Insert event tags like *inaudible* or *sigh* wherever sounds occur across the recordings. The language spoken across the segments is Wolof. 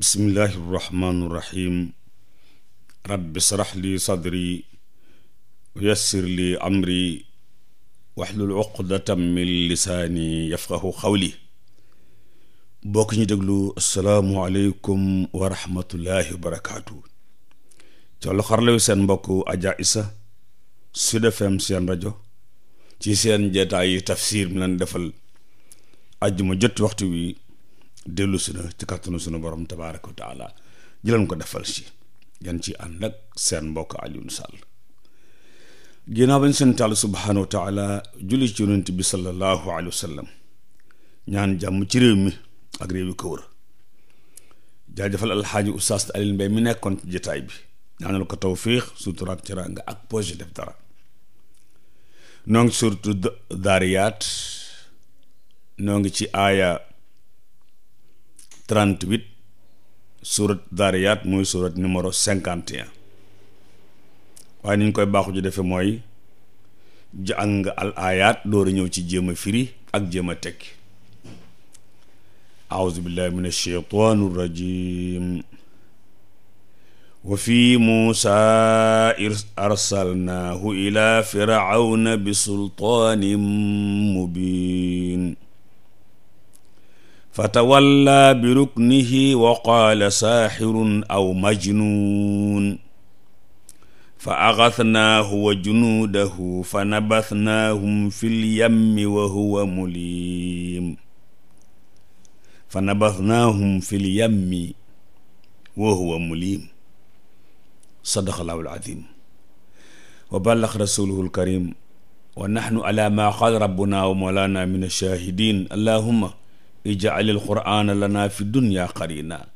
bismillahi irrahmaani irrahim rabbi srax li sadri wa yassir li amri waxlul uqdatam min lisaani yafqahu xawli bokk ñu déglu asalaamu aleykum wa rahmatullahi wa barakaatu ca loxar layu seen mbokk Adja Isa Sud FM seen rajo ci seen jeetaay yi tafsir mi leen defal ajjuma jot waxtu wi dellu si na ci kàttanu sunu borom tabaaraka wa taala ko defal si ngeen ci ànd seen mbokk Alioune Sall ginnaaw bañ seen taal subhaanahu wa taala julli ci yonent bi sallallahu alayhi wa sallam ñaan jàmm ci réew mi ak réew yi ko wër jaajëfal alxaaji mi nekkoon ci jataay bi ñaanal ko tawfiix sutura ak teraanga ak projet def dara noo surtout Daariyaat noo ci aaya 38 surat Dariyat muy surat numéro 51 waaye ni ñu koy baaxu ji defe mooy jàng al ayat dooru ñëw ci jéem a firi ak jéem a tekki aouzu billahi min alsheytaan arrajim wa fi muusa arsalnaahu ila firawna bi sultaanin mubin fatawalla bi ruknihi wa qaala saaxirun aw majnuun fa axasnaahu wa junuudahu fa nabasnaahum fi lyammi wa huwa mulim fa nabasnaahum fi lyammi wa huwa mulim sadaqallaahu al-aziim wa ballax rasuluhu al-kariim wa naxnu alaa maa qaala rabbunaa wa mawlaanaa mina shaahidiin allahumma ijaalil quraana lana fi dunya qarina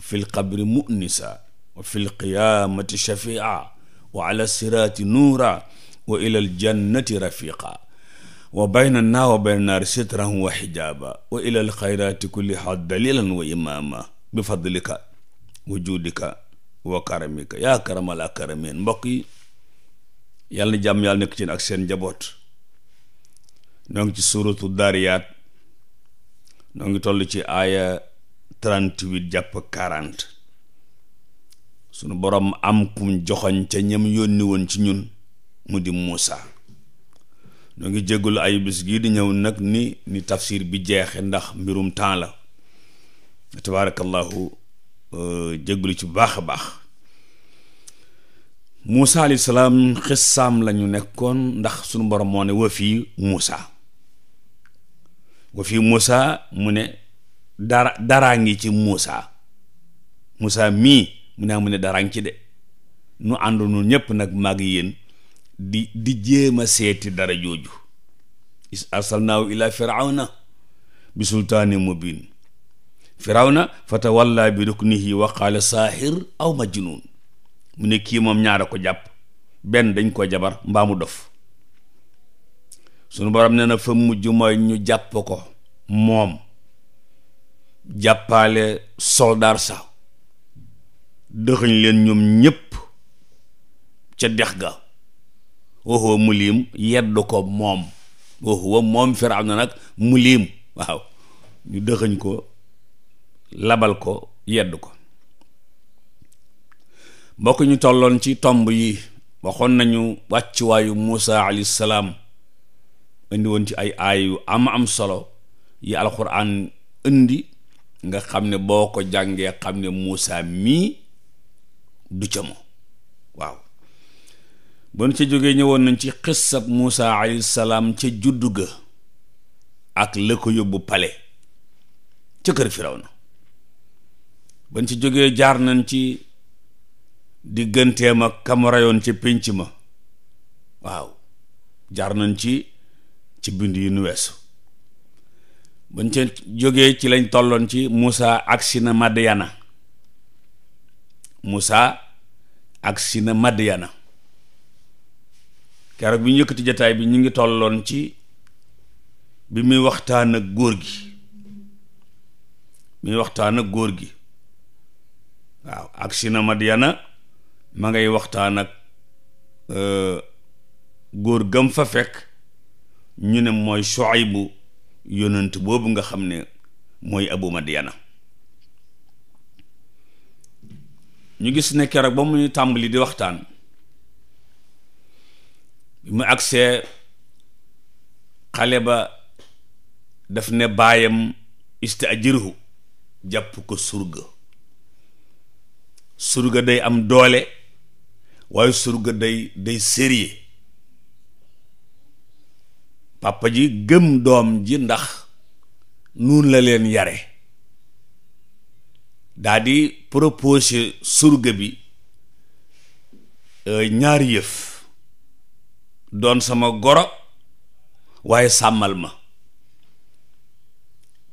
fi lqabri munisa wa fi lqiyaamati shafia wa ala siraati nuura wa ila aljannati rafiqa wa baynana wa bayna naari sitran wa xijaaba wa ila alxayraati kulliha dalilan wa imaama bi fadlika wa juudika wa karamika yaa karamal akaramin mbokk yi yàlla na jàmm yàlla nekk ci ak seen njaboot ñoo ngi ci suuratu daariyaat noo ngi toll ci aaya 38 jàpp 40 sunu boroom am kum joxoñ ca ñam yónni woon ci ñun mu di Muusa noo ngi jéggul ay bis gii di ñëw nag ni ni tafsir bi jeexe ndax mbirum temps la tabaarakallahu euh, jéggulu ci bu baax a baax Muusa alayhi salaam xissaam la ñu nekkoon ndax sunu boroom moo ne wa fii Muusa wa fi Musa mu ne dara daraa ngi ci Musa Musa mii mu ne mu ne daraa ngi ci de nu ànd nu ñëpp nag mag yéen di di jéem a seeti dara jooju is arsalnaahu ila firawna bi sultaani mubin firawna fatawalla bi ruknihi wa qaala saaxir aw majnuun mu ne kii moom ñaara ko jàpp benn dañ koo jabar mbaamu dof sunu borom nee na fa mujj mooy ñu jàpp ko moom jàppaale soldaar sa dëxëñ leen ñoom ñépp ca dex ga waxuwa muliim yedd ko moom waxuwa moom firaw na nag muliim waaw ñu dëxëñ ko labal ko yedd ko mbokk tolloon ci tomb yi waxoon nañu wàccuwaayu Muusa alayhi salaam indi woon ci ay aay yu am am solo yi alxuraan indi nga xam ne boo ko jàngee xam ne Muusa mii du ca ma waaw ba nu ca jógee ñëwoon nañ ci xissab Muusa alayhi salaam ca juddu ga ak la ko yóbbu pale ca kër Firawna ba nu ca jógee jaar nañ ci digganteem ak kam ci pinc ma waaw jaar nañ ci ci bind yi nu weesu bañ ca jógee ci lañ tolloon ci Moussa agsi na Madyana musaa agsi na Madyana keroog bi ñu yëkkati jataay bi ñu ngi tolloon ci bi muy waxtaan ak góor gi muy waxtaan ak góor gi waaw agsi na Madyana ma ngay waxtaan ak euh, góor gam fa fekk ñu ne mooy bu yonent boobu nga xam ne mooy Abu Madyana ñu gis ne keroog ba muy tàmbali di waxtaan bi mu agsee xale ba daf ne baayam istaajirhu jàpp ko surga surga day am doole waaye surga day day sérieux papa ji gëm doom ji ndax nuun la leen yare daa di proposé surga bi euh, ñaari yëf doon sama goro waaye sàmmal ma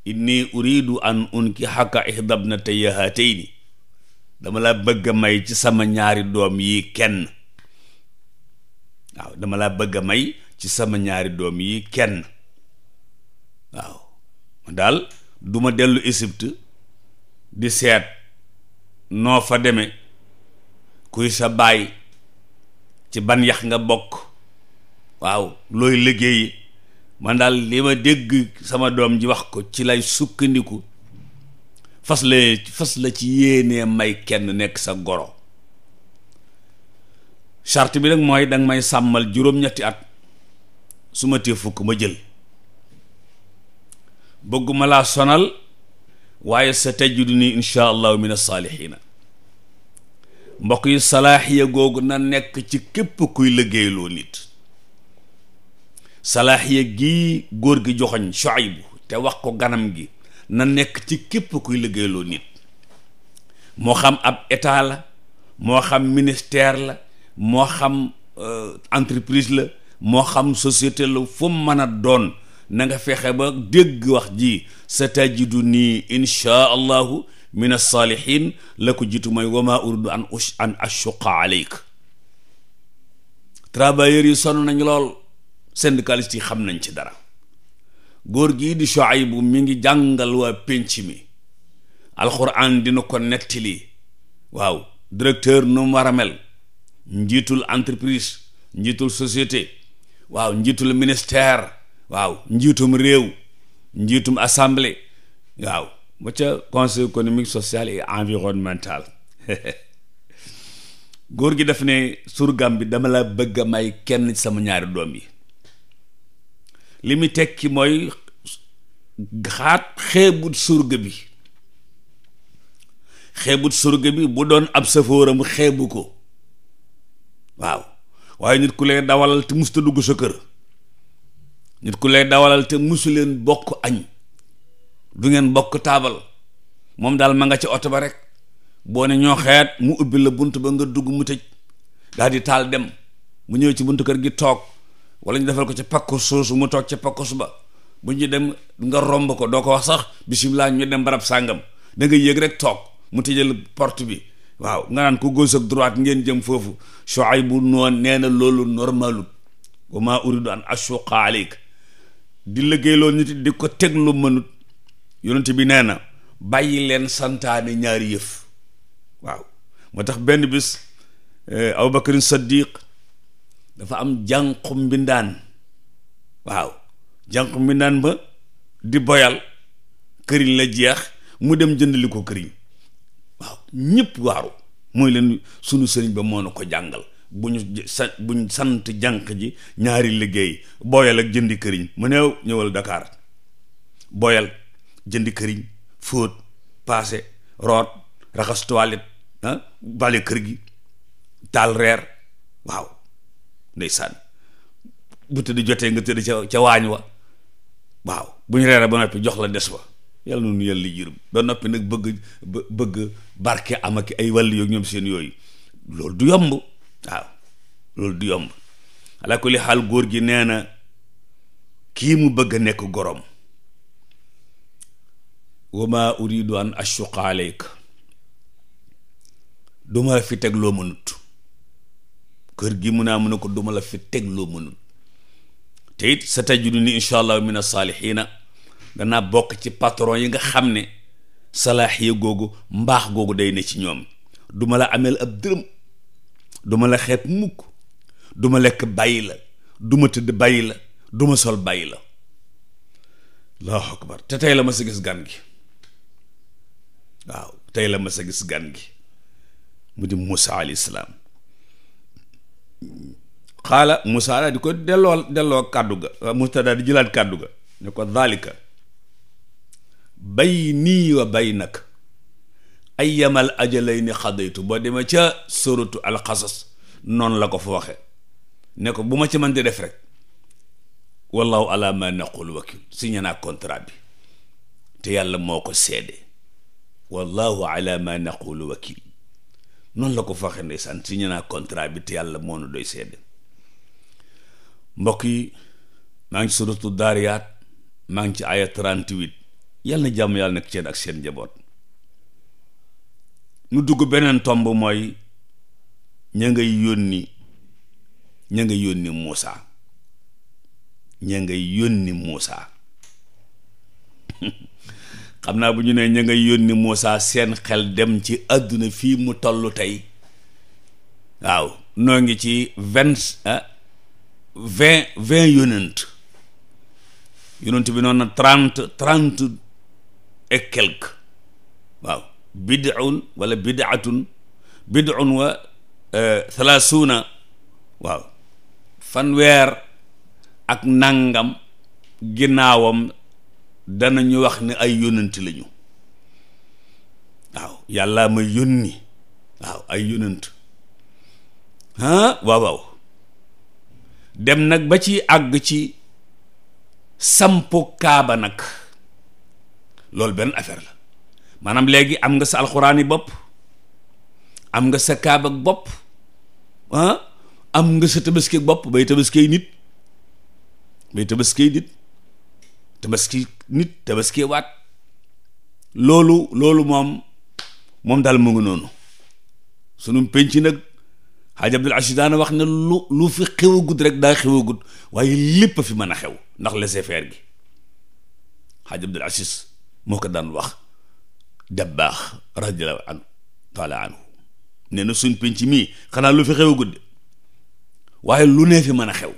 inni uridu an unkihaka ihdabnatayya haatayni dama la bëgg a may ci sama ñaari doom yi kenn waaw dama la bëgg a may ci sama ñaari doom yi kenn waaw daal du dellu Égypte di seet noo fa deme kuy sa baay ci ban yax nga bokk waaw looy liggéeyi man daal li ma dégg sama doom ji wax ko ci lay sukkandiku fas la fas la ci yéenee may kenn nekk sa goro charte bi nag mooy danga may sàmmal juróom-ñetti at suma ma tee fukk ma jël bëgguma laa sonal waaye sa tajiduni insha allahu min as-saalihiina mbokk yi salaaxiya googu na nekk ci képp kuy liggéeyloo nit salaaxiya gii góor gi joxoñ Shuaybu te wax ko ganam gi na nekk ci képp kuy liggéeyloo nit moo xam ab état la moo xam ministère la moo xam euh, entreprise la moo xam société la fu mën a doon na nga fexe ba dégg wax ji sa tajidu nii inchaa allahu min alsaalihin la ko jiitu mooy wama uridu an ush an ashuqa aleyk travailleurs yi sonn nañ lool syndicalistes yi xam nañ ci dara góor gii di Shuaybu mi ngi jàngal waa pénc mi alxuraan dina ko nettali waaw directeur nu mu njiitul entreprise njiitul société waaw njiitul ministère waaw njiitum réew njiitum assemblée waaw ba ca conseil économique social et environnemental *laughs* góor gi daf ne surgam bi dama la bëgg a may kenn sama ñaari doom yi li mu tekki mooy xaat xeebut surga bi xeebut surge bi bu doon ab safóoram xeebu ko waaw waaye nit ku lay dawalal te musta dugg sa kër nit ku lay dawalal te musu leen bokk añ du ngeen bokk taabal moom daal ma nga ci oto ba rek boo ne ñoo xeet mu ubbi la bunt ba nga dugg mu tëj daal di taal dem mu ñëw ci buntu kër gi toog wala ñu defal ko ci pakku suusu mu toog ci pakku ba bu ñu dem nga romb ko doo ko wax sax bisimilah ñu dem barab sàngam da nga yéeg rek toog mu tëjal port bi waaw nga naan ko gauche ak droite ngeen jëm foofu ay bu noon nee na loolu normalut wa maa uridu an ashuqqa alayka di liggéey loolu nit di ko teg lu mënut yonent bi nee na bàyyi leen santaane ñaari yëf waaw moo tax benn bis eh, Abubakar Saddiq dafa am jànq mbindaan waaw jànq mbindaan ba di boyal këriñ la jeex mu dem jënd li ko këriñ waaw ñëpp waaru mooy leen sunu sëriñ ba moo na ko jàngal bu ñu sa bu ñu sant jànq ji ñaari liggéey booyal ak jëndi këriñ mu neew ñëwal Dakar booyal jëndi këriñ fóot paase root raxas toilette ah bale kër gi taal reer waaw ndeysaan bu tëdd jotee nga tëdd ca waañ wa waaw bu ñu reeree ba noppi jox la des wa yàlla na nu yàlla yërëm ba noppi nag bëgg bëgg barke am ak ay wàll yooyu ñoom seen yooyu loolu du yomb waaw loolu du yomb ala kulli xaal góor gi nee na kii mu bëgg a nekk gorom wa ma uridu an ashuqa aleyk duma fi teg loo mënut kër gi mun naa mun ne ko duma la fi teg loo mënut te it sa tajiduni insha allah min as-saalihiina danaa bokk ci patron yi nga xam ne salaaxiya googu mbaax googu day ne ci ñoom duma la ameel ab dërëm duma la xeet mukk duma lekk bàyyi la duma tëdd bàyyi la duma sol bàyyi la allahu akbar te tey la ma sa gis gan gi waaw tey la ma sa gis gan gi mu di Musa alayhi salaam xaala Musa daal di ko delloo delloo kàddu ga Musa daal di jëlaat kàddu ga ne ko dhalika baynii wa baynak ayyamal ajalayni xadaytu ba dima ca suratu alxasas noonu la ko fa ne ko bu ma ci mën di def rek wallahu ala ma naqul wakil signé naa contrat bi te yàlla moo ko seede wallahu ala ma naqul wakil noonu la ko fa waxe ndeysaan signé naa contrat bi te yàlla moo nu doy seede mbokk yi maa ngi ci suratu daariyaat maa ngi ci aya 38 yàlla na jàmm yàlla nekk seen ak seen njaboot mu dugg beneen tomb mooy ña ngay yónni ña ngay yónni Muusaa ña ngay yónni Muusaa *laughs* xam naa bu ñu nee ña ngay yónni Muusaa seen xel dem ci àdduna fii mu toll tey waaw noo ngi ci vingt ah, vingt vingt yonent bi noonu na trente trente et waaw bid'un wala bid'atun bid'un wa euh, thalaasuuna waaw fanweer ak nangam ginnaawam danañu wax ni ay yónnanti lañu waaw yàllaa ma yónni waaw ay yonant ah waaw waaw dem nag ba ci àgg ci sampu kaaba nag loolu benn affaire la maanaam léegi am nga sa alxuraani bopp am nga sa kaab bopp ah am nga sa tabaski bopp bay tabaski nit bay tabaski nit tabaski nit tabaski waat loolu loolu moom moom daal mu ngi noonu sunu penc nag xaaja Abdul Aziz daana wax ne lu lu fi xew a gudd rek daa xew a gudd waaye lépp a fi mën a xew ndax laisser-faire gi xaaj Abdul Aziz moo ko daan wax dabbaax radiyallahu anhu taala anhu nee na suñ ci mii xanaa lu fi xew a gudde waaye lu nee fi mën a xew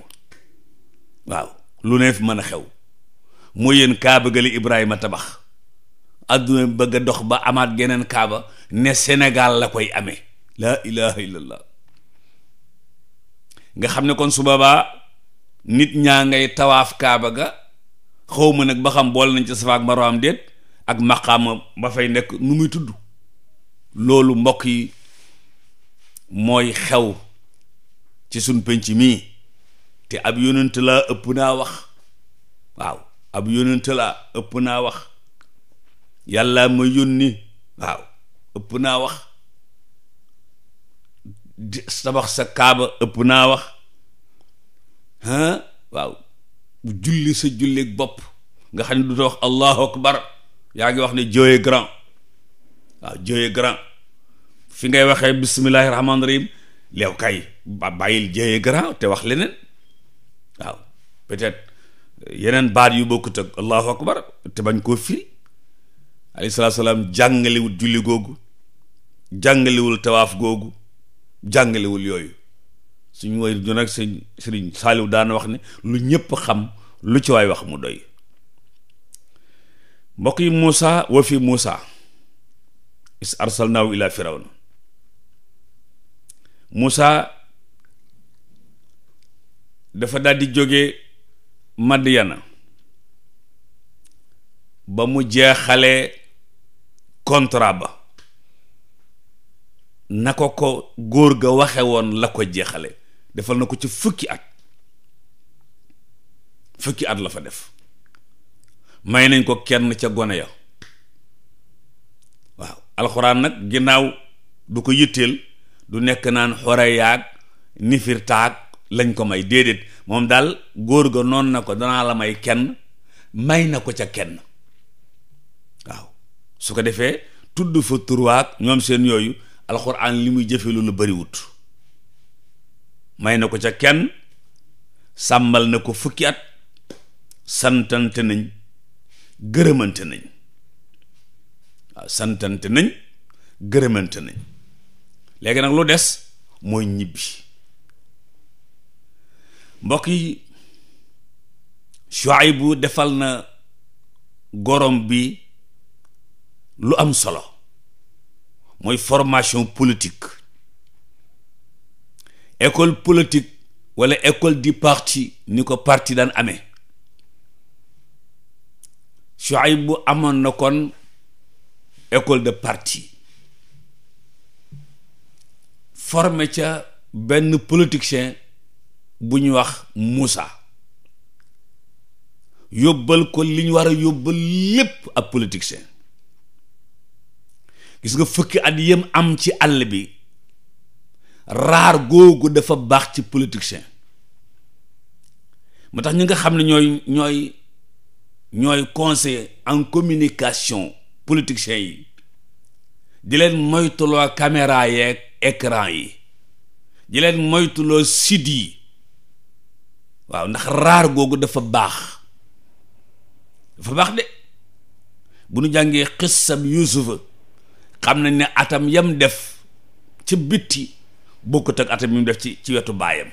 waaw lu nee fi mën a xew mu yéen kaaba gële Ibrahima tabax adduna bëgg a dox ba amaat geneen kaaba ne senegaal la koy ame laa ilaha illallah nga xam ne kon su boobaa nit ñaa ngay tawaaf kaaba ga xaw ma nag ba xam bool nañ ci safaak marwaam déet ak maqaama ba fay nekk nu muy tudd loolu mbokk yi mooy xew ci suñ penc mii te ab yonent laa ëpp naa wax waaw ab yonent laa ëpp naa wax yàlla ma yónni waaw ëpp naa wax tabax sa kaaba ëpp naa wax ah waaw julli sa julli bopp nga xam du ta allahu akbar yaa ngi wax ne Dieu est grand waaw Dieu grand fi ngay waxee bismillahi rahmaani rahim leew kay bàyyil Dieu grand te wax leneen waaw peut yeneen baat yu bokkut ak allahu akbar te bañ koo firi alayhi salaatu salaam jàngalewul julli googu jàngalewul tawaaf googu jàngalewul yooyu suñu woy ñu nag sëñ sëriñ Saaliw daan wax ne lu ñëpp xam lu ci waay wax mu doy mbokk yi Muusa wa fi Muusa is arsalnaahu ila firawna Muusa dafa daldi jóge Madyana ba mu jeexale contrat ba na ko ko góor ga waxe woon la ko jeexale defal na ko ci fukki at fukki at la fa def may nañ ko kenn ca gone ya waaw alxuraan nag ginnaaw du ko yitteel du nekk naan xore yaag nifir lañ ko may déedéet moom daal góor ga noon na ko danaa la may kenn may na ko ca kenn waaw su ko defee tudd fa turwaag ñoom seen yooyu alxuraan li muy jëfe lu bariwut may na ko ca kenn sàmmal na ko fukki at santante nañ gërëmante nañ waaw santante nañ gërëmante nañ léegi nag lu des mooy ñibbi mbokk yi bu defal na gorom bi lu am solo mooy formation politique école politique wala école du parti ni ko parti daan amee Shuayb bu amoon na kon école de parti formé ca benn politicien bu ñu wax Moussa yóbbal ko li ñu war a yóbbal lépp ab politicien gis nga fukki at yëm am ci àll bi raar googu dafa baax ci politicien moo tax ñi nga xam ne ñooy ñooy ñooy conseil en communication politiciens yi di leen moytuloo caméra yee écran yi di leen moytuloo sid yi waaw ndax raar googu dafa baax dafa baax de bu nu jàngee xissam yusufa xam nañ ne atam yam def ci bitti bokkut ak atam mu def ci ci wetu baayam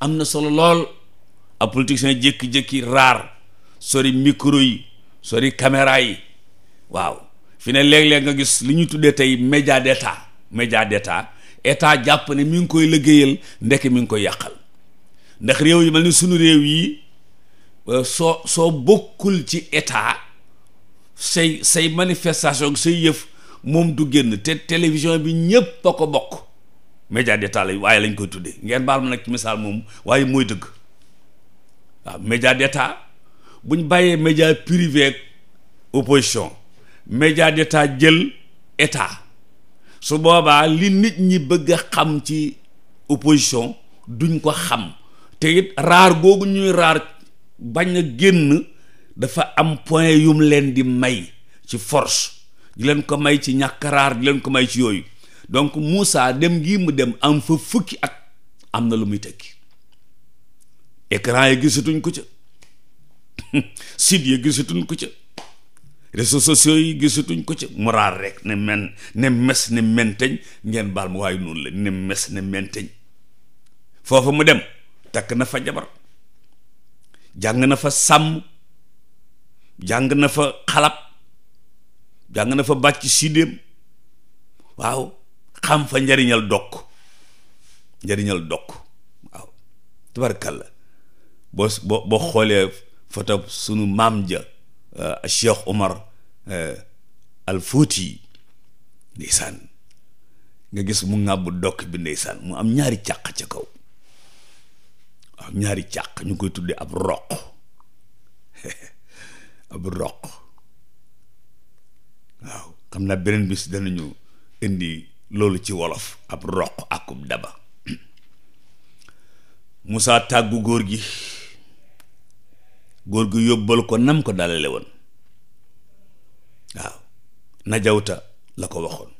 am na solo lool ab politicien jékki-jékki raar sori micro yi sori caméra yi waaw fi ne léeg-léeg nga gis lu ñu tuddee tey média d'état média d'état état jàpp ni mi ngi koy liggéeyal ndekk mi ngi koy yàqal ndax réew yi mel ni sunu réew yi euh, soo soo bokkul ci eta say say manifestation say yëf moom du génn te télévision bi ñépp a ko bokk média d'état la waaye lañ koy tuddee ngeen baal ma nag ci misaal moom waaye mooy dëgg waaw média d'état bu ñu bàyyee média privé ak opposition média d'état jël état su boobaa li nit ñi bëgg a xam ci opposition duñ ko xam te it raar googu ñuy raar bañ a génn dafa am point yum leen di may ci force di leen ko may ci ñàkk raar di leen ko may ci yooyu donc Moussa dem gi mu dem am fa fukki ak am na lu muy tekki écran yi gisatuñ ko ca *laughs* site ya gisatuñ ko ca réseaux sociaux yi gisatuñ ko ca moral rek ne men ne mes ne menteñ ngeen baal ma waaye noonu la ne mes ne menteñ foofu mu dem takk na fa jabar jàng na fa sàmm jàng na fa xalab jàng na fa bàcc sidéem waaw xam fa njariñal dokk njariñal dokk waaw tabarkalla boo boo boo xoolee foto sunu maam ja euh, Cheikh Omar euh, al Fuuti ndeysaan nga gis mu ŋàbb dokk bi ndeysaan mu am ñaari càq ca kaw waaw ñaari càq ñu koy tuddee ab roq *laughs* ab roq waaw xam naa beneen bis danañu indi loolu ci wolof ab roq akub daba *clears throat* Moussa tàggu góor gi góor gi yóbbal ko nam ko dalale woon waaw najawta la ko waxoon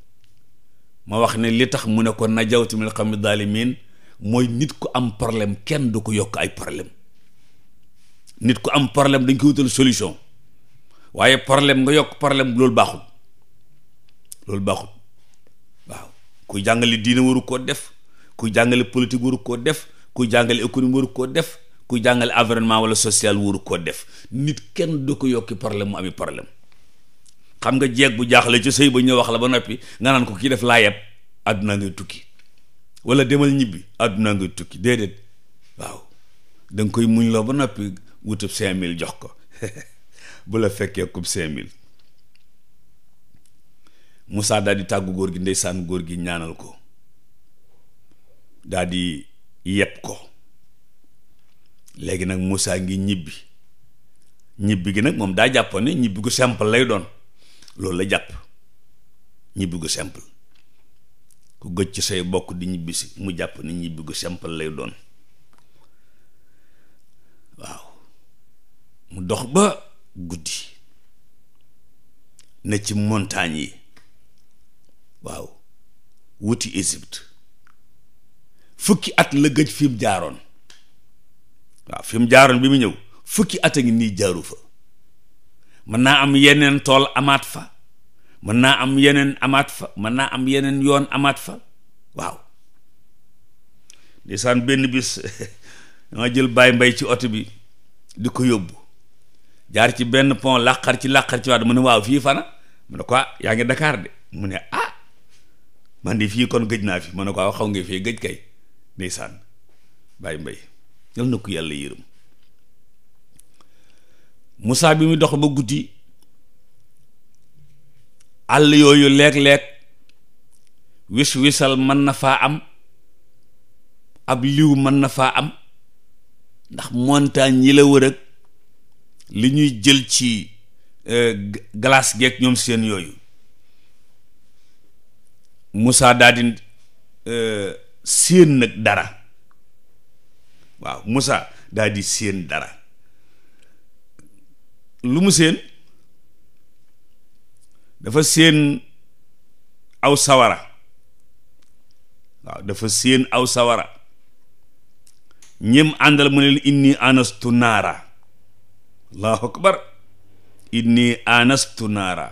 ma wax ne li tax mu ne ko najawta min xam daalimin mooy nit ku am problème kenn du ko yokk ay problème nit ku am problème dañ ko wutal solution waaye problème nga yokk problème loolu baaxul loolu baaxul waaw kuy jàngale diine waru koo def kuy jàngale politique waru koo def kuy jàngale économie waru koo def ku jàngale environnement wala social wóoru koo def nit kenn du ko yokki problème mu ami problème xam nga jeeg bu jaaxle ci sëy ba ñëw wax la ba noppi nga naan ko kii def laa yeb àdduna ngay tukki wala demal ñibbi àdduna ngay tukki déedéet waaw da koy muñ loo ba noppi wutub cinq mille jox ko *laughs* bu la fekkee kub cinq mille musaa daal di tàggu góor gi saan góor gi ñaanal ko daal di yeb ko léegi nag Moussa ngi ñibbi ñibbi gi nag moom daa jàppoon ne ñibbi gu sempal lay doon loolu la jàpp ñibbi gu simple ku gëj ci say bokk di ñibbi si mu jàppoon ni ñibbi gu sempal lay doon waaw mu dox ba guddi ne ci montagne yi waaw wuti Égypte fukki at la gëj fi jaaroon waaw fi mu jaaroon bi mu ñëw fukki at a ngi nii jaaru fa mën naa am yeneen tool amaat fa mën naa am yeneen amaat fa mën naa am yeneen yoon amaat fa waaw ndeysaan benn bis *laughs* dama jël baay mbay ci oto bi di ko yóbbu jaar ci benn pont làqar ci làqar ci waat mu ne waaw fii fana mu ne ko ah, yaa ngi Dakar de mu ne ah man di fii kon gëj naa fi mu ne ko xaw nga fii gëj kay ndeysaan bàyyi mbay yal na ko yàlla yërëm Moussa bi muy dox ba guddi àll yooyu leek leeg wis-wisal mën na faa am ab liw mën na faa am ndax montagne yi la wër li ñuy jël ci e, glace geeg ñoom seen yooyu Moussa daadi di e, séen nag dara waaw Moussa daa di séen dara lu mu séen dafa séen aw sawara waaw dafa séen aw sawara ñim àndal mu ne leen inni anastu naara allahu akbar inni anastu naara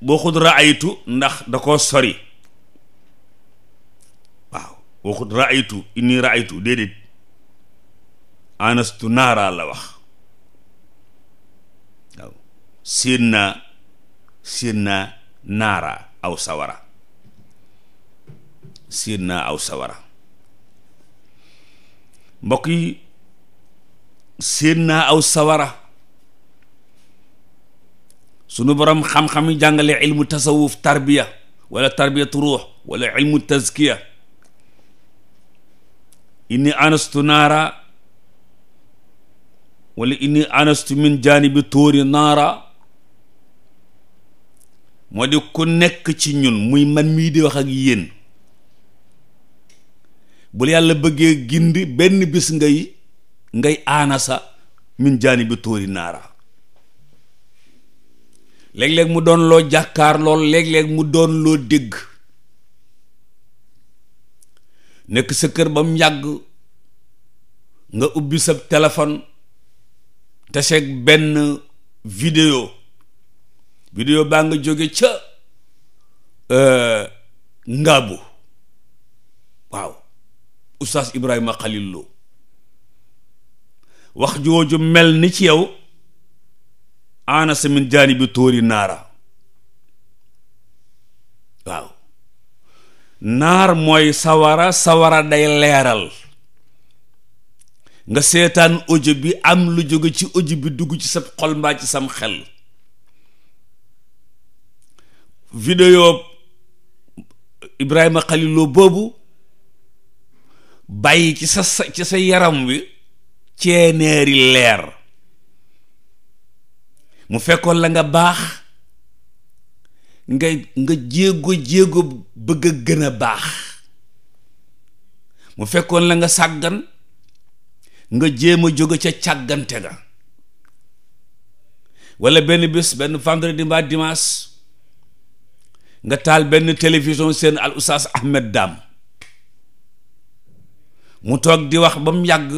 boo xud raaytu ndax da koo sori waxut raaytu inni raaytu déedéet anastu naaraa la wax waaw séen naa séen aw sawara séen naa aw sawara mbokk yi séen naa aw sawara sunu borom xam-xam yi jàngale ilmu tasawuf tarbiya wala tarbiyatu ruux wala ilmu tazkiya inni anastu naara wala inni anastu min jaanibi tóori naara moo di ku nekk ci ñun muy man mii di wax ak yéen bul yàlla bëggee gindi benn bis ngay ngay aanasa min jaanibi tóori naara léeg-léeg mu doon loo jàkkaar lool léeg-léeg mu doon loo dégg nekk sa kër ba mu yàgg nga ubbi sa téléphone taseeg benn vidéo vidéo baa nga jóge ca euh, Ngaabu waaw oustaz Ibrahima Khalil Lo wax jooju mel ni ci yow ana samin jaani bi tóori naara naar mooy sawara sawara day leeral nga seetaan audio bi am lu jóge ci audio bi dugg ci sa xol mbaa ci sam xel vidéo Ibrahima Khalilou boobu bàyyi ci sa ci sa yaram wi ceeneeri leer mu fekkoon la nga baax ngay nga jéego jéego bëgg a gën a baax mu fekkoon la nga sàggan nga jéem a jóge ca càggante ga wala benn bis benn vendredi mbaa dimanche nga taal benn télévision seen al oustaz Ahmed Dam mu toog di wax ba mu yàgg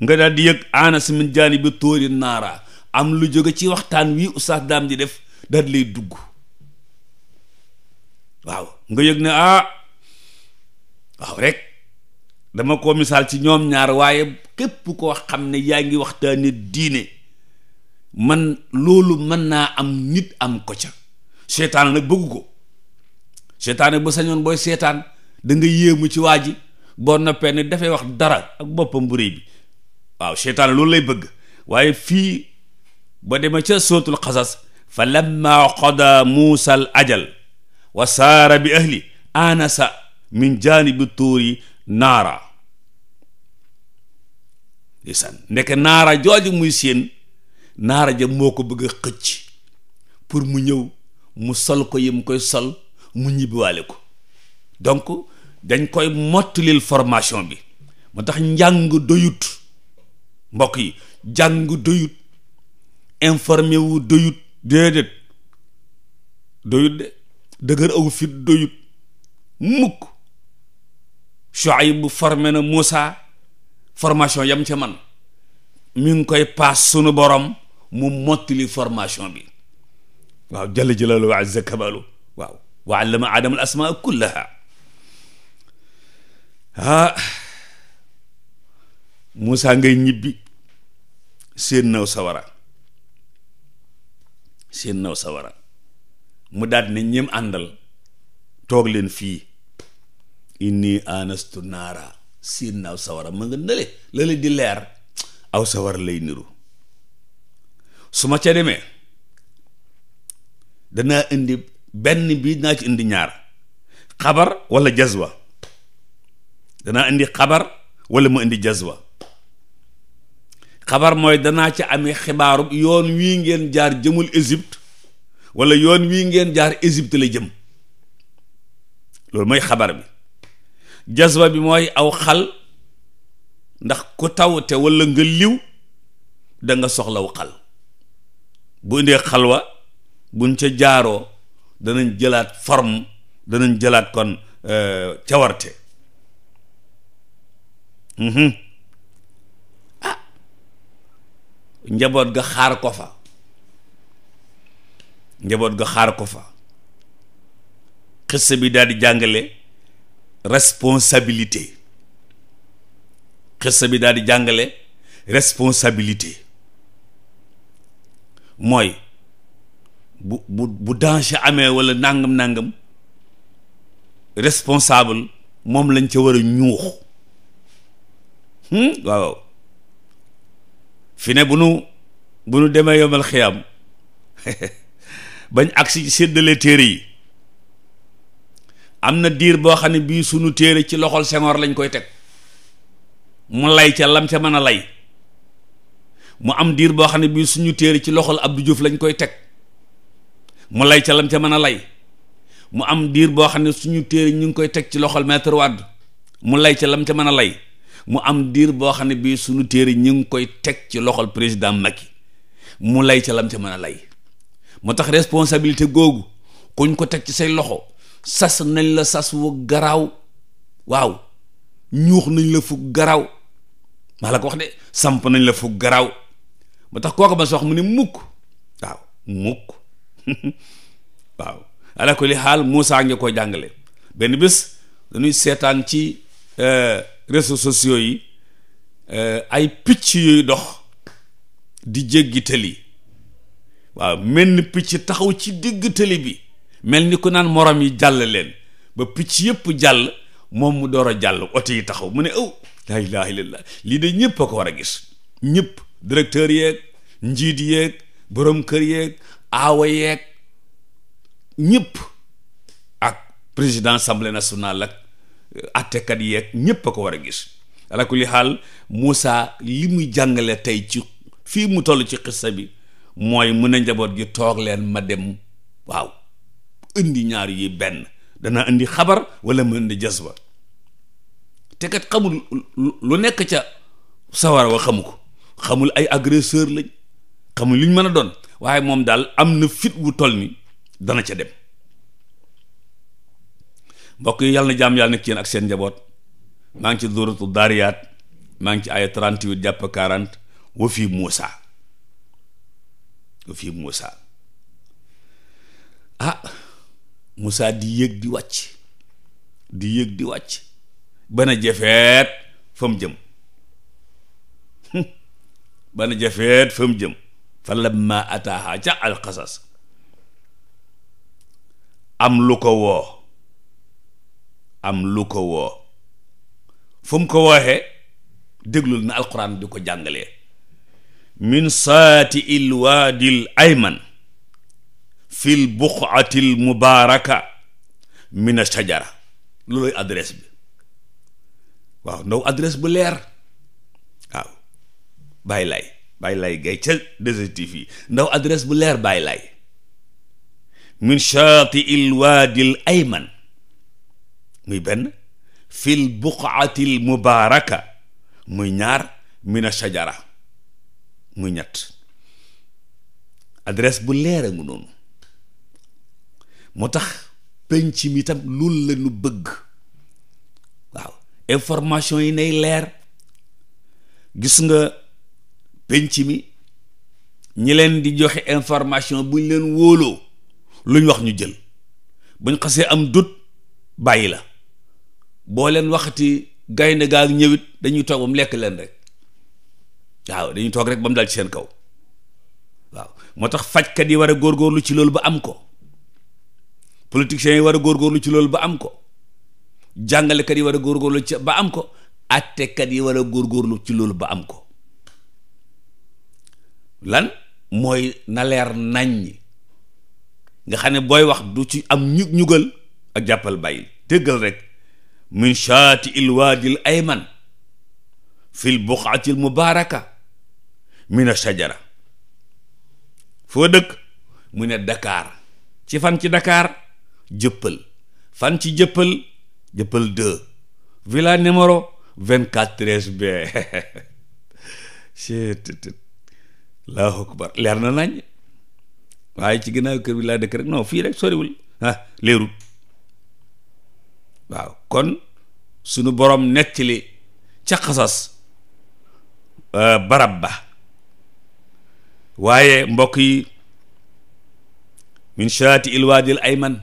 nga daal di yëg anas min jaani bi tóori naara am lu jóge ci waxtaan wi oustaz Dam di def daal lay dugg waaw nga yëg ne ah waaw rek dama ko misaal ci ñoom ñaar waaye képp koo xam ne yaa ngi nit diine man loolu mën naa am nit am ko ca seetaan nag bëgg ko seetaan ba sañoon booy seetaan danga nga yéemu ci waa ji boo noppee ne dafay wax dara ak boppam bu réy bi waaw seetaan loolu lay bëgg waaye fii ba demee ca sootul xasas fa lamma qada muusa al ajal wa saara bi ahli anasa min jaanibi tuuri naara lisan ndek naara jooju muy seen naara ja moo ko bëgg xëcc pour mu ñëw mu sol ko yi mu koy sol mu ñibbiwaale ko donk dañ koy mottalil formation bi moo tax njàng doyut mbokk yi jàng doyut informé wu doyut déedéet doyut de dëgër aw fit doyut mukk Shuayb bu formé na Moussa formation yam ca man mi ngi koy paas sunu borom mu mottili formation bi waaw jalla jalaaluhu azza kamaalu waaw wa allama asmaa kullaha ah Moussa ngay ñibbi seen naw sawara seen naw sawara mu daal ne ñëm àndal toog leen fii inni anastu naara siin na sawara ma nga nële la di leer aw sawar lay niru su ma ca demee danaa indi benn bi dinaa ci indi ñaar xabar wala jazwa danaa indi xabar walla ma indi jazwa xabar mooy danaa ci amee xibaaru yoon wii ngeen jaar jëmul Égypte wala yoon wii ngeen jaar Égypte la jëm loolu mooy xabar bi jazba bi mooy aw xal ndax ku taw te wala nga liw da nga soxlaw xal bu indee wa buñ ca jaaroo danañ jëlaat form danañ jëlaat kon euh, cawarte mhm. ah njaboot ga xaar ko fa njaboot ga xaar ko fa xissa bi daal di jàngale responsabilité xissa bi daal di jàngale responsabilité mooy bu bu bu danger amee walla nàngam-nàngam responsable moom lañ ca war a ñuux hmm? waaw fi ne bu nu bu nu demee yomal xiyam *laughs* bañ agsi ci séddale téere yi am na diir boo xam ne bii sunu téere ci loxol Senghor lañ koy teg mu lay ca lam ca mën a lay mu am diir boo xam ne bii suñu téere ci loxol Abdou Diouf lañ koy teg mu lay ca lam ca mën a lay mu am diir boo xam ne suñu téere ñu ngi koy teg ci loxol Maître Wade mu lay ca lam ca mën a lay mu am diir boo xam ne bii suñu téere ñu ngi koy teg ci loxol président Macky mu lay ca lam ca mën a lay moo tax responsabilité googu kuñ ko teg ci say loxo sas nañ la sas wu garaaw waaw ñuux nañ la fu garaaw maa la ko wax de samp nañ la fu garaaw moo tax kooku ma si wax mu ne mukk waaw mukk *laughs* waaw ala ko li xaal Moussa ngi koy jàngale benn bés dañuy seetaan ci euh, réseaux sociaux yi euh, ay picc yuy dox di jéggi tëli waaw menn picc taxaw ci digg tëli bi mel ni ku naan morom yi jàll leen ba picc yëpp jàll moom mu door a jàll oto yi taxaw mu ne aw oh, laa ilaha illallah lii de ñëpp a ko war a gis ñëpp directeur yeeg njiit yeeg borom kër yeeg aawa yeeg ñëpp ak président assemblée nationale ak euh, attekat yeeg ñëpp a ko war a gis ala kulli xaal Moussa li muy jàngale tey ci fii mu toll ci xissa bi mooy mun a njaboot gi toog leen ma dem waaw indi ñaar yi benn danaa indi xabar wala ma indi jasba te kat xamul lu nekk ca sawara wa xamu ko xamul ay agresseur lañ xamul luñ mën a doon waaye moom daal am na fit wu toll ni dana ca dem mbokk yi yàlla na jàmm yàlla nekk yéen ak seen njaboot maa ngi ci dóoratu daariyaat maa ngi ci ay 38 jàpp 40 wa fii Muusa fi Moussa ah Moussa di yéeg di wàcc di yéeg di wàcc bana jafeet fa mu jëm *laughs* bana jafeet fa mu jëm fa lamma ataaha ca alxasas am lu ko woo am lu ko woo fu mu ko wooxee déglul na alxuraan di ko jàngalee min saati il waadil ayman fil buqatil min ashajara looloy adresse bi waaw ndaw adresse bu lay bàyyi lay gay ca desertif yi ndaw adresse bu leer bàyyi lay min shaati il waadil ayman muy benn fil buqatil mubaaraka muy ñaar min ashajara muy ñett adresse bu leer a noonu moo tax penc mi tam loolu la ñu bëgg waaw information yi nay leer gis nga penc mi ñi leen di joxe information buñ leen wóoloo luñ wax ñu jël buñ xasee am dut bàyyi la boo leen waxati gaynde gaag ñëwit dañuy toog bam lekk leen rek waaw dañuy toog rek ba mu dal ci seen kaw waaw moo tax fajkat yi war a góorlu ci loolu ba am ko politiciens yi war a góorgóorlu ci loolu ba am ko jàngalekat yi war a góorgóorlu ci ba am ko attekat yi war a góorgóorlu ci loolu ba am ko lan mooy naleer leer nañ nga xam ne booy wax du ci am ñug ñugal ak jàppal bàyyil déggal rek min shaati il waadil ayman fil l buqaati l mubaaraka mina shajara foo dëkk mu ne Dakar ci fan ci Dakar jëppal fan ci jëppal jëppal 2 villa numéro 24 13 b *laughs* ctt allahu akbar leer na nañ waaye ci ginnaaw kër bi laa dëkk rek non fii rek soriwul ah leerul waaw kon sunu borom nettali ca xasas euh, barab ba waaye mbokk yi min sharaati ilwaadil ayman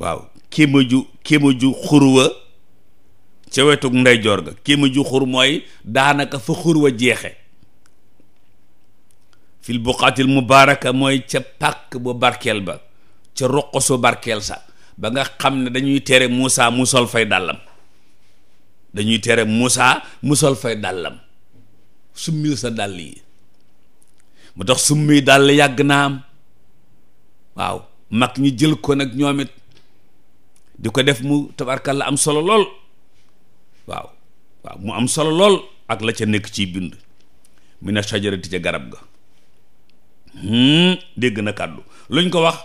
waaw kéema ju xurwa ca wetug ndeyjoor ga kéema ju xur mooy daanaka fa xurwa jeexe fil buqaatil mubaaraka mooy ca pàkk bu barkeel ba ca roqosu barkeel sa ba nga xam ne dañuy tere Moussa mu sol fay dàllam dañuy tere Moussa mu sol fay dàllam summil sa dàll yi mu tax summi dàll yàgg naa am waaw mag ñi jël ko nag ñoom it di ko def mu tabarkalla am solo lool waaw mu am solo lool ak la ca nekk ciy bind mu ne sajarati ca garab ga hmm, dégg na kàddu luñ ko wax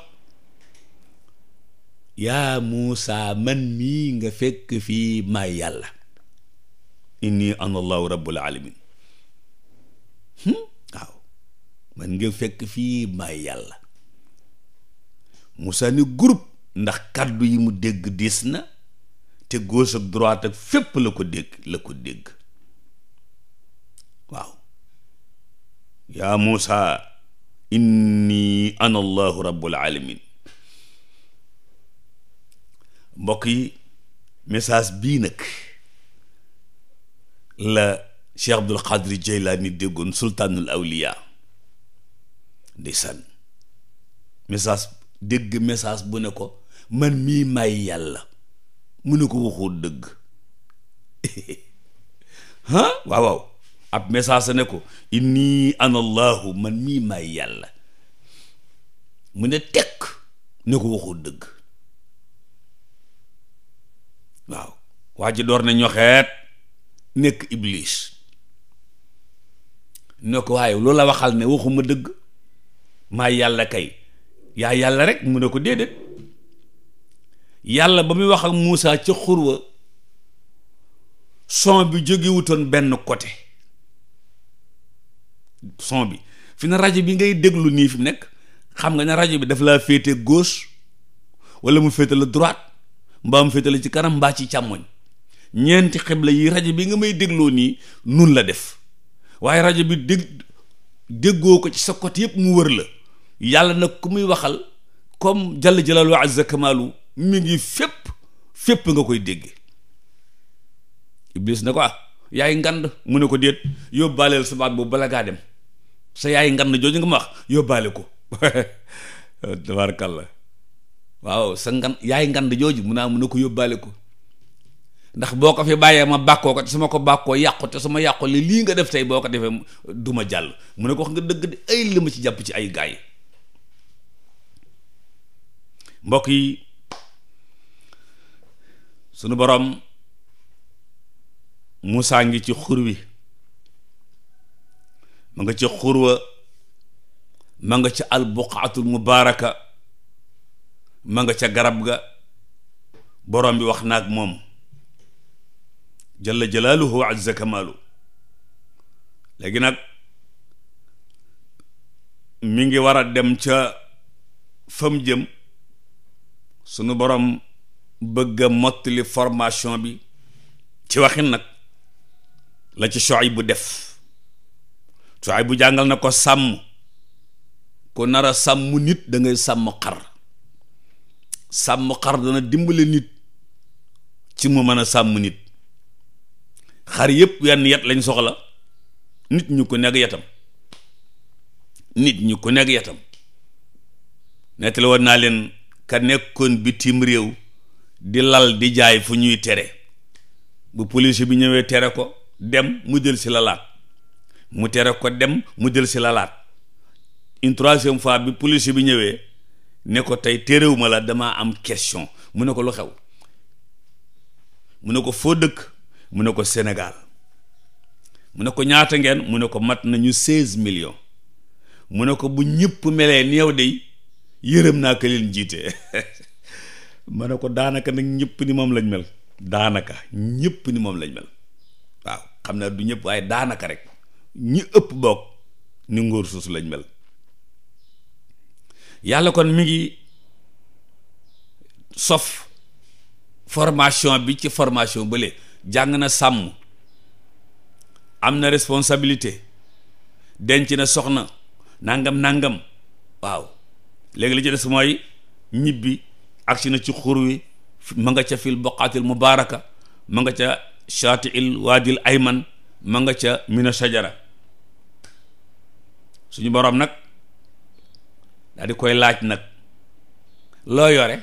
yaa Muusa man mii nga fekk fii may yàlla inni ana allahu rabbul alamin hmm? man nga fekk fii may yàlla Moussa ni groupe ndax kàddu yi mu dégg diis na te gauche ak droite ak fépp la ko dégg la ko dégg waaw yaa Moussa inni ana allahu rabbul alamin mbokk yi message bii nag la Cheikh Abdul Qadir Jeylaani déggoon sultaanul awliyaa ndeysaan message dégg message bu ne ko man mii may yàlla mu ne ko waxoo dëgg ah *laughs* waaw waaw ab message ne ko inni ana allahu man mii may yàlla mu ne tekk ne ko waxoo dëgg waaw waa ji door na ñoxeet nekk iblis ne ko waaye loola waxal ne waxuma dëgg maa yàlla kay yaa yàlla rek mu ne ko déedéet yàlla ba muy wax ak Moussa ca xurwa son bi jógewutoon benn côté son bi fi na rajo bi ngay déglu nii fi nekk xam nga ne rajo bi daf laa féete gauche wala mu féetal la droite mbaa mu féete ci kanam mbaa ci càmmoñ ñeenti xibla yi rajo bi nga may dégloo nii nun la def waaye rajo bi dég déggoo ko ci sa côté yëpp mu wër la yàlla nag ku muy waxal comme jalla jalaalu wa azza kamaalu mi ngi fépp fépp nga koy dégge iblis na ko ah yaay ngand mu ne ko déet yóbbaaleel sa baat boobu bala ngaa dem sa yaay ngand jooju nga ma wax ko *laughs* tabarakallah waaw sa yaay ngand jooju mun naa ah, mun ne ko yóbbaale ko ndax boo ko fi bàyyee ma bàkkoo ko te su ma ko bàkkoo yàqu te su ma yàqu li lii nga def tey boo ko defee du ma jàll mu ne ko wax nga dëgg de ay li ma ci jàpp ci ay gaay mbokk yi sunu boroom Muusaa ngi ci xur wi ma nga ci xurwa ma nga ca albuqaatul mubaaraka ma nga ca garab ga boroom bi wax naag moom jalla jalaaluhu azza kamaalu léegi nag mi ngi war a dem ca fam jëm sunu borom bëgg a mottali formation bi ci waxit nag la ci Shuayb bu def Shuayb bu jàngal na ko sàmm ku nara sàmm nit dangay ngay sàmm xar sàmm xar dana dimbale nit ci mu mën a sàmm nit xar yépp wenn yet lañ soxla nit ñu ko nekk yetam nit ñu ko nekk naa leen ka nekkoon bitim réew di lal di jaay fu ñuy tere bu police bi ñëwee tere ko dem mu jël si lalaat mu tere ko dem mu jël si lalaat une troisième fois bi police bi ñëwee ne ko tey terewuma la damaa am question mu ne ko lu xew mu ne ko foo dëkk mu ne ko Sénégal mu ne ko ñaata ngeen mu ne ko mat nañu seize million mu ne ko bu ñëpp melee ni yow de yërëm naa ka leen jiite *laughs* ma ne ko daanaka nag ñëpp ni moom lañ mel daanaka ñëpp ni moom lañ mel waaw xam naa du ñëpp waaye daanaka rek ñi ëpp boog ni ngóor suusu lañ mel yàlla kon mi ngi sof formation bi ci formation bële jàng na sàmm am na responsabilité denc na soxna nangam nangam waaw léegi lu ci des mooy ñibbi agsi na ci xur wi ma nga ca fil boqaatil mubaaraka ma nga ca shaati il waadil ayman ma nga ca mina shajara suñu boroom nag daal di koy laaj nag loo yore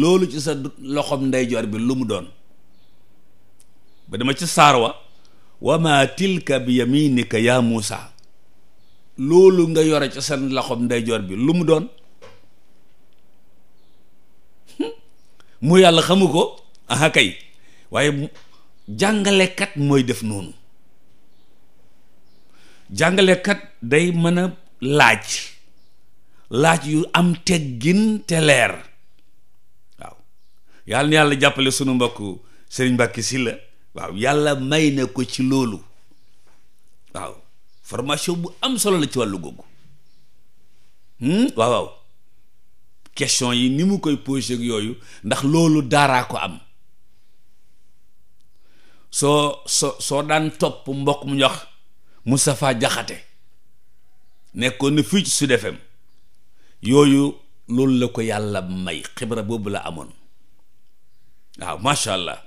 loolu ci sa loxom ndeyjoor bi lu mu doon ba dama ci saar wa wa ma tilka bi yaminika ya muusa loolu nga yore ca seen loxoom ndeyjoor bi lu mu doon hmm? mu yàlla xamu ko aha kay waaye jàngalekat mooy def noonu jàngalekat day mën a laaj laaj yu am teggin te leer waaw yàlla na yàlla jàppale sunu mbokk Sëriñ Mbàkke Sylla waaw yàlla may na ko ci loolu waaw formation bu am solo la ci wàllu googu hmm? waaw waaw question yi ni mu koy posé yooyu ndax loolu daaraa ko am soo so soo daan topp mbokk mu ñox Moustapha Jaxate nekkoon na fii ci Sud yooyu loolu la ko yàlla may xibra boobu la amoon waaw macha allah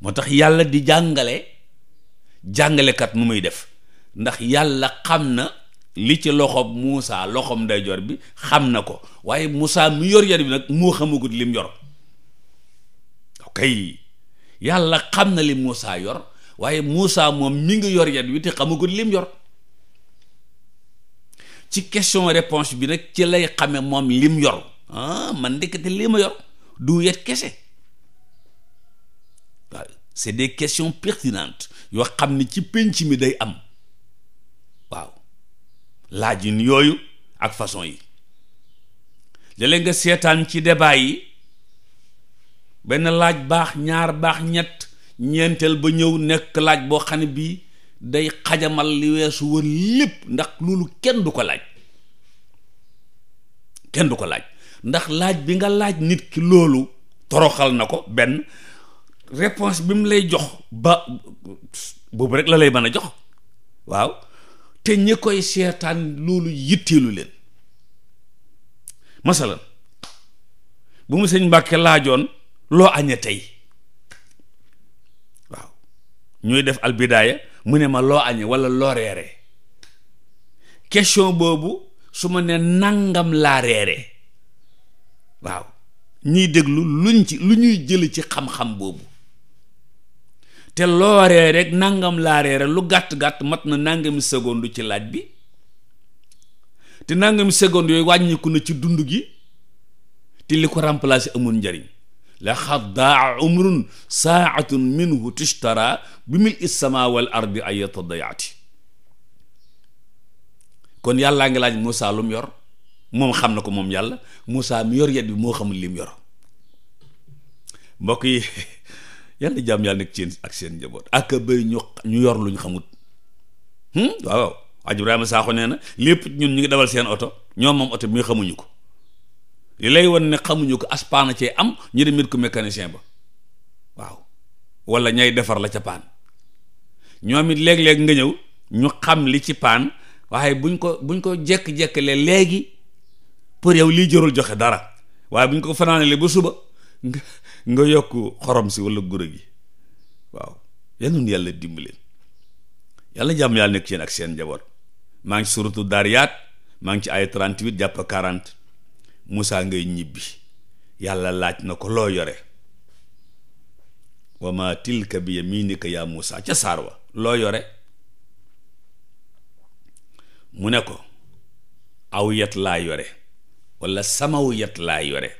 moo tax yàlla di jàngale jàngalekat nu muy def ndax yàlla xam na li ci loxob Muusa loxom ndeyjoor bi xam na ko waaye musa mu yor yar bi nag moo xamagut lim yor ok yàlla xam na li Muusa yor waaye Muusa moom mi ngi yor yar bi te xamagut lim yor ci question réponse bi nag ci lay xame moom lim yor ah man ndekete lii ma yor du yet kese waaw c'est des question pertinentes yoo xam ni ci pénc mi day am laaj laajin yooyu ak façon yi léeg nga seetaan ci débat yi benn laaj baax ñaar baax ñett ñeenteel ba ñëw nekk laaj boo xam ne bii day xajamal li weesu wër lépp ndax loolu kenn du ko laaj kenn du ko laaj ndax laaj bi nga laaj nit ki loolu toroxal na ko benn réponse bi mu lay jox ba boobu rek la lay mën a jox waaw te ñi koy seetaan loolu yitteelu leen masalan bu mu sëñ Mbàkke laajoon loo añe tey waaw ñuy def albidaaya mu ne ma loo añe walla loo reere question boobu su ma ne nangam laa reere waaw ñiy déglu luñ ci lu ñuy jël ci xam-xam boobu te looree rek nangam laaree rek lu gàtt-gàtt mat na nangami seconde ci laaj bi te nangami seconde yooyu wàññiku na ci dund gi te li ko remplacer amul njariñ la xad daa umrun saatun minhu tushtara bi mil issamaa wal bi ay yatadayaati kon yàllaa ngi laaj Moussa lu mu yor moom xam na ko moom yàlla musaa mi yor yet bi moo xamul lim yor mbokk yi *laughs* yàlla na jàmm yàlla nekk ci ak seen njaboot ak bëri ñu ñu yor luñ xamut hmm? waaw waaw Aji Ibrahima Sakho nee na lépp ñun ñu ngi dawal seen oto ñoom moom oto bi xamuñu ko li lay wan ne xamuñu ko as paana cee am ñu dem it ko mécanicien ba waaw wala ñay defar la ca paan léeg-léeg nga ñëw ñu xam li ci paan waaye buñ ko buñ ko jekk lee léegi pour yow lii jërul joxe dara waaye buñ ko fanaanele ba suba nga yokk xorom si walla gura gi waaw yal na yàlla dimbali yal na jàmm yàlla nekk ci yéen ak seen njaboot maa ngi suratu Daariyaat maa ngi ci ay 38 jàpp 40 Moussa ngay ñibbi yàlla laaj na ko loo yore wa ma tilka bi yaminika yaa Moussa ca saar wa loo yore mu ne ko aw yet laa yore walla samaw yet laa yore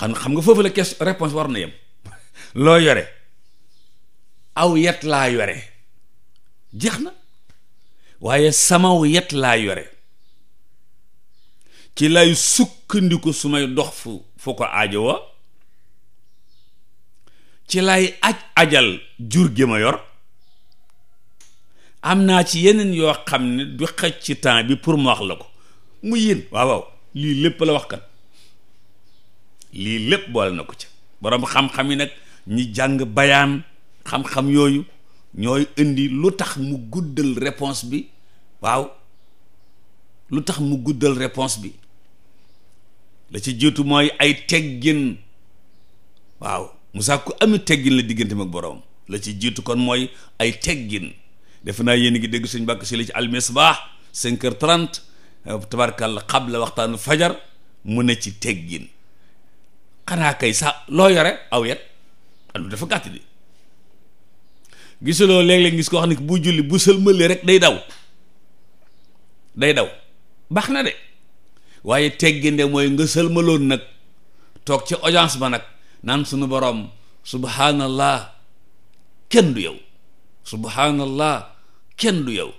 xam xam nga foofu la question réponse war na yem loo yore aw yet laa yore jeex na waaye samaw yet laa yore ci lay sukkandiku su may dox fu fu ko aajowa ci lay aj ajal jur gi ma yor am naa ci yeneen yoo xam ne du xëcc ci temps bi pour mu wax la ko mu yéen waaw waaw lii lépp la wax kan lii lépp boole na ko ca borom xam-xam yi nag ñi jàng bayaan xam-xam yooyu ñooy indi lu tax mu guddal réponse bi waaw lu tax mu guddal réponse bi la ci jiitu mooy ay teggin waaw Moussa ku ami teggin la diggante ak borom la ci jiitu kon mooy ay teggin defe naa yéen ngi dégg suñ mbàkk si la ci Al Misbah cinq heures trente tabarkàlla xab la waxtaanu fajar mu ne ci teggin xanaa kay sax loo yore aw yet addu dafa gàtt di gisuloo léeg-léeg gis ko xam ne bu julli bu sëlmalee rek day daw day daw baax na de waaye tegginde mooy nga sëlmaloon nag toog ci audience ba nag naan suñu boroom subhanallah kenn du yow subhanallah kenn du yow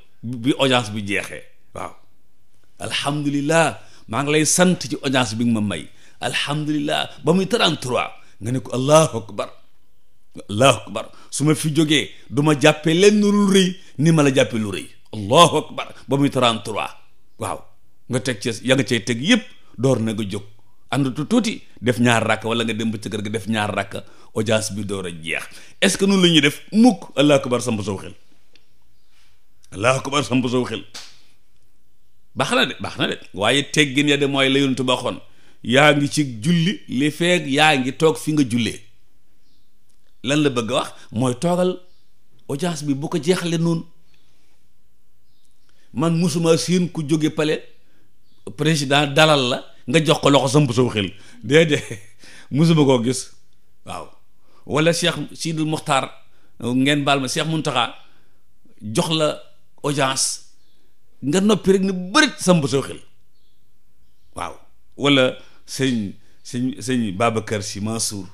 bi audience bi jeexee waaw alhamdulillah maa ngi lay sant ci audience bi nga ma may alhamdulilah ba muy 33 nga ne ko allahu akbar allahu akbar su ma fi jógee du ma jàppee lenn lu rëy ni ma la jàppee lu rëy allahu akbar ba muy 33 waaw nga teg ci ya nga cay teg yépp door na nga jóg àndatu tuuti def ñaar rakk wala nga dem ba ci kër gi def ñaar rakk audience bi door a jeex est-ce que noonu la ñuy def mukk allahu akbar samp saw xel allahu akbar samp saw xel baax na de baax na de waaye teggin yaa de mooy la yontu baxoon yaa ngi ci julli li feeg yaa ngi toog fi nga jullee lan la bëgg a wax mooy toogal audience bi bu ko jeexalee noonu man musuma siin ku jóge pale président dalal la nga jox ko loxo samp soo xel déedéet *laughs* musuma koo gis waaw wala Cheikh Sidil Muxtaar ngeen baal ma mun Muntaxa jox la audience nga noppi rek ne bërit samp soo xel waaw wala sëñ sëñ sëñ Babacar Sy Mansour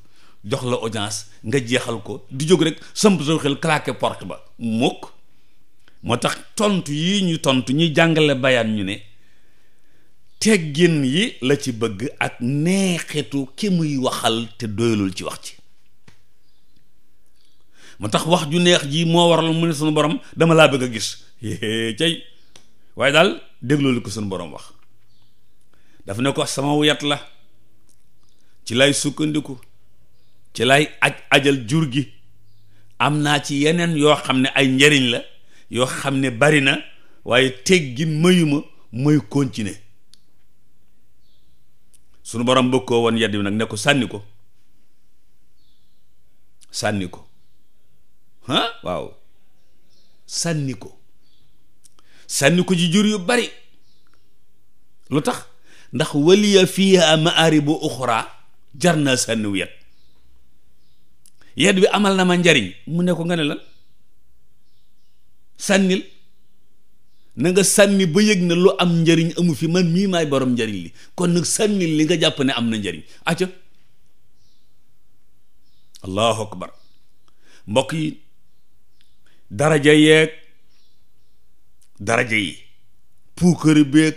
jox la audience nga jeexal ko di jóg rek samp soo xel claqué porte ba mukk moo tax tontu yi ñu tontu ñu jàngale bayaan ñu ne teggin yi la ci bëgg ak neexitu ki muy waxal te doyalul ci wax ci moo tax wax ju neex ji moo waral mu ne suñu borom dama laa bëgg a gis cay waaye daal dégloolu ko sunu borom wax dafa ne ko sama yat la ci lay sukkandiku ci lay aj ajal jur gi am naa ci yeneen yoo xam ne ay njariñ la yoo xam ne bari na waaye teggin mayuma mooy continuer sunu borom bëgg koo woon yedd bi nag ne sànni ko sànni ko ah waaw sànni ko sànni ko ci jur yu bari lu tax ndax waliya fiiha maaribu uxra jar naa sànniw yet yet bi amal na ma njariñ mu ne ko nga ne lan sànnil na nga sànni ba yëg na lu am njariñ amu fi man mii maay borom njariñ li kon nag sànnil li nga jàpp ne am na njariñ acca allahu akbar mbokk yi daraja yeeg daraja yi puukër beeg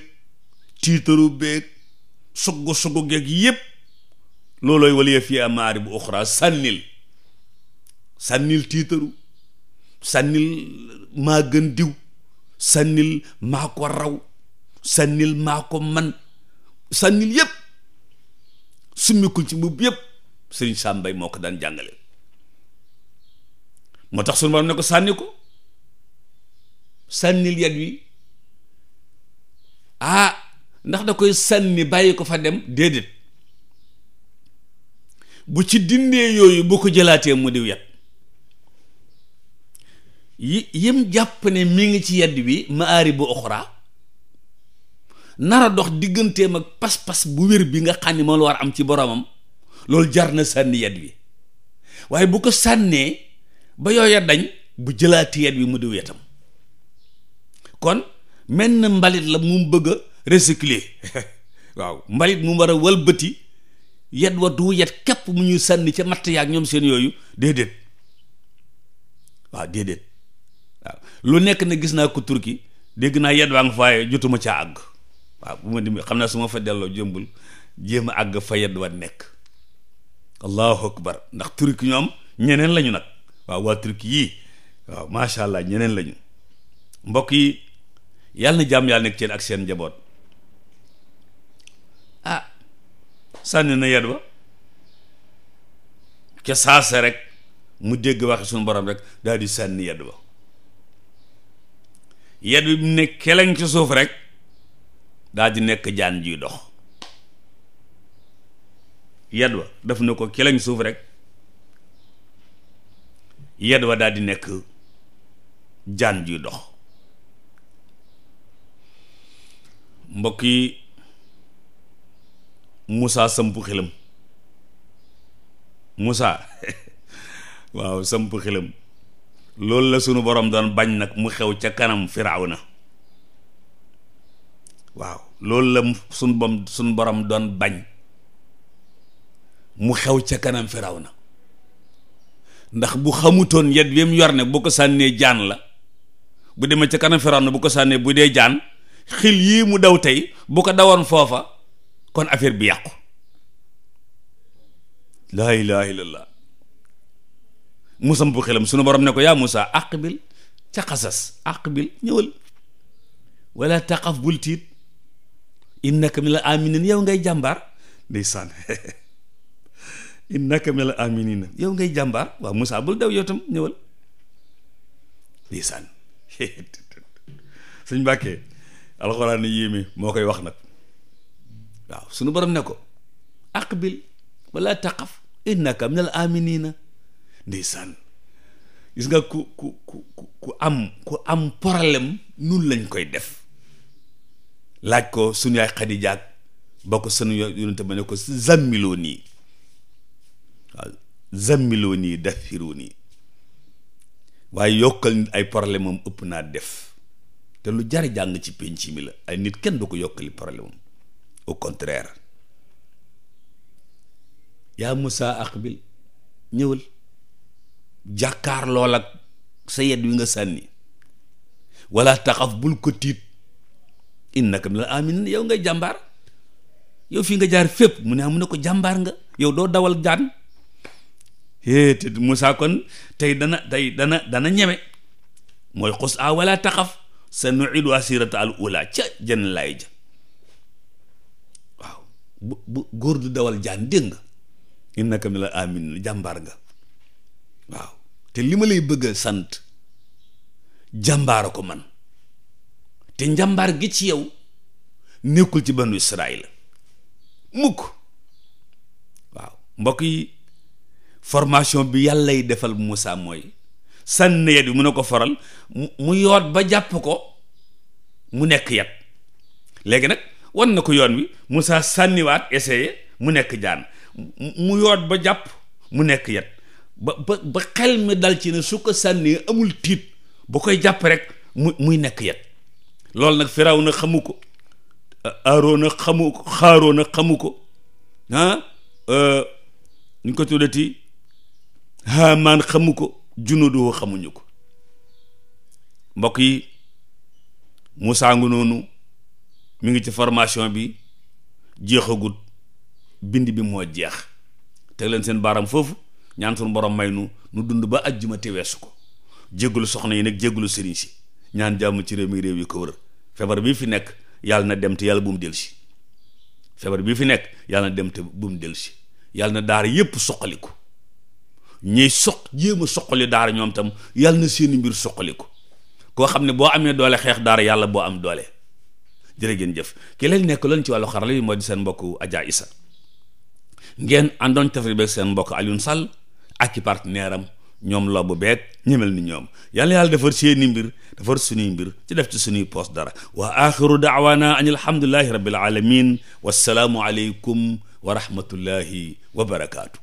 tiitaru beeg suggu suggu geeg yépp loolooy waliya fi amaari bu uxra sànnil sànnil tiitaru sànnil maa gën diw sànnil maa raw sànnil maa man sànnil yépp summikul ci mbubb yépp sëriñ sàmbay moo ko daan jàngale moo tax suñu borom ne ko sànni ko sànnil yat wi ah ndax da koy sànni bàyyi ko fa dem déedéet bu ci dindee yooyu bu ko jëlaatee mu diw yat yi yim jàpp ne mi ngi ci yedd bi maari bu oxra nara dox digganteem ak pas-pas bu wér bi nga xam ne moom la war am ci boromam loolu jar na sànni yedd bi waaye bu ko sànnee ba yooya dañ bu jëlaati yedd bi mu diw yetam kon menn mbalit la mu bëgg recycler *laughs* waaw mbalit mu war a walbati yet wa du yet képp mu ñuy sànni ca matt yaag ñoom seen yooyu déedéet waaw déedéet waaw lu nekk na gis naa ko turki dégg naa yet waa nga jotuma caa àgg waaw xam naa su fa delloo jëmbul jéem a àgg fa nekk allahu akbar ndax turki ñoom ñeneen lañu nag waaw waa turki yii waaw macha allah ñeneen lañu mbokk yi yàlla na jàmm yaa nekk seen ak seen njaboot sànni na yet ba ca saase rek mu dégg waxe suñu borom rek daal di sànni yet ba yet bi mu ne keleng ci suuf rek daal di nekk jaan jiy dox yet ba daf na ko keleng suuf rek yet ba daal di nekk jaan jiy dox mbokk Moussa samp xelam Moussa *laughs* waaw samp xelam loolu la sunu borom doon bañ nag mu xew ca kanam Firawna waaw loolu la sunu borom doon bañ mu xew ca kanam Firawna ndax bu xamutoon yet bi mu yor ne bu ko sànnee jaan la bu demee ca kanam na bu ko sànnee bu dee jaan xil yii mu daw tey bu ko dawoon foofa kon affaire bi yàqu laa ilaha illallah Musa bu xelam sunu borom ne ko yaa Musa aqbil ca xasas aqbil ñëwal wala taqaf bul tiit innaka min al aminin ngay jàmbaar ndeysaan *laughs* innaka aminin yow ngay jàmbaar waaw Musa bul daw yow tam ñëwal ndeysaan *laughs* sëñ Mbàkke alxuraan yéeme moo koy wax nag waaw sunu borom ne ko aqbil wala taqaf innaka minal aminina ndeysaan gis nga ku ku ku ku am ku am problème nun lañ koy def laaj ko suñu yaay Xadija ba ko sunu yonente ba ne ko si zammiloo nii waaw zammiloo nii dafiroo nii waaye yokkal ay problème am ëpp naa def te lu jar jàng ci penc mi la ay nit kenn du ko yokkali problème au contraire yaa Musaa aqbil ñëwal jàkkaar lool ak sa yet wi nga sànni wala taxaf bul ko tiit innaka minal aaminiin yow ngay jàmbaar yow fii nga jaar fépp mu ne am ah, mu ne ko jàmbaar nga yow doo dawal jaan hee Musaa kon tey dana tey dana dana ñeme mooy xus a ah, wala taxaf sa nuidu asirata al ula ca jën laay ja bu góor du dawal jaan dégg nga innaka amin jàmbaar nga waaw te li ma lay bëgg a sant jàmbaara ko man te njàmbaar gi ci yow nekkul ci banu Israayil mukk waaw mbokk yi formation bi yàllay defal Moussa mooy sànni yet bi mu ne ko faral mu yoot ba jàpp ko mu nekk yat léegi nag wan na ko yoon wi Moussa sànniwaat essayé mu nekk jaan mu yoot ba jàpp mu nekk yet ba ba ba xel mi dal ci ne su ko sànnee amul tiit ba koy jàpp rek mu muy nekk yet loolu nag Firawna xamu ko Aaroona xamu ko Xaaroona xamu ko ah euh, ñu ko tuddati Haamaan xamu ko junudu xamuñu ko mbokk yi Moussa noonu mi ngi ci formation bi jeexagut bind bi moo jeex teg leen seen baaram foofu ñaan suñu borom may nu nu dund ba ajjuma te weesu ko jéggalu soxna yi nag jéggalu sëriñ si ñaan jàmm ci réew mi réew yi ko feebar bii fi nekk yàlla na dem te yàlla bu mu del si feebar bii fi nekk yàlla na dem te bu mu si yàlla na daara yépp soqaliku ñiy soq jéem a soqali daara ñoom tam yàlla na seeni mbir ko koo xam ne boo amee doole xeex daar yàlla boo am doole jërë ngeen jëf ki leen nekk loon ci wàllu xarala yi moo di seen mbokk Adja Issa ngeen àndoon tafri beeg seen mbokk Alioune Sall ak i partenaire am ñoom la bu beeg ñemel ni ñoom yàlla yàlla defar seeni mbir defar suñuy mbir ci def ci suñuy poos dara wa axiru daawaana an alhamdulillahi rabbil alamin wassalaamu aleykum wa rahmatullahi wa barakaatu